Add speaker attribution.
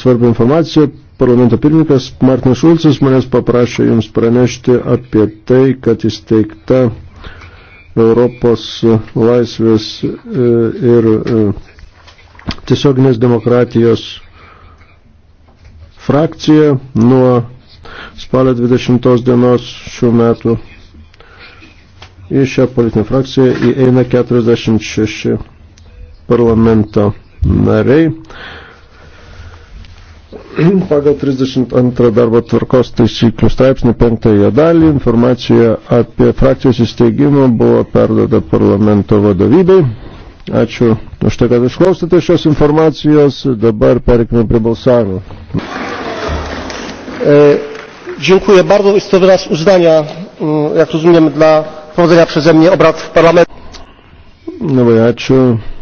Speaker 1: svarbią informaciją. Parlamento pirmininkas Martinas Šulcis manęs paprašė jums pranešti apie tai, kad įsteigta Europos laisvės e, ir e, tiesioginės demokratijos frakcija nuo spalio 20 dienos šių metų. Į šią politinę frakciją įeina 46 parlamento nariai pagal 32 darbo tvarkos taisyklių straipsnį penktąją dalį informacija apie frakcijos įsteigimą buvo perdada parlamento vadovybei. Ačiū už tai, kad išklausėte šios informacijos. Dabar perikime prie balsavimo.
Speaker 2: E, dziękuję bardzo. Jest to wyraz uznania, mm, jak rozumiem, dla prowadzenia przeze mnie obrad w parlamencie. Labai
Speaker 3: ačiū.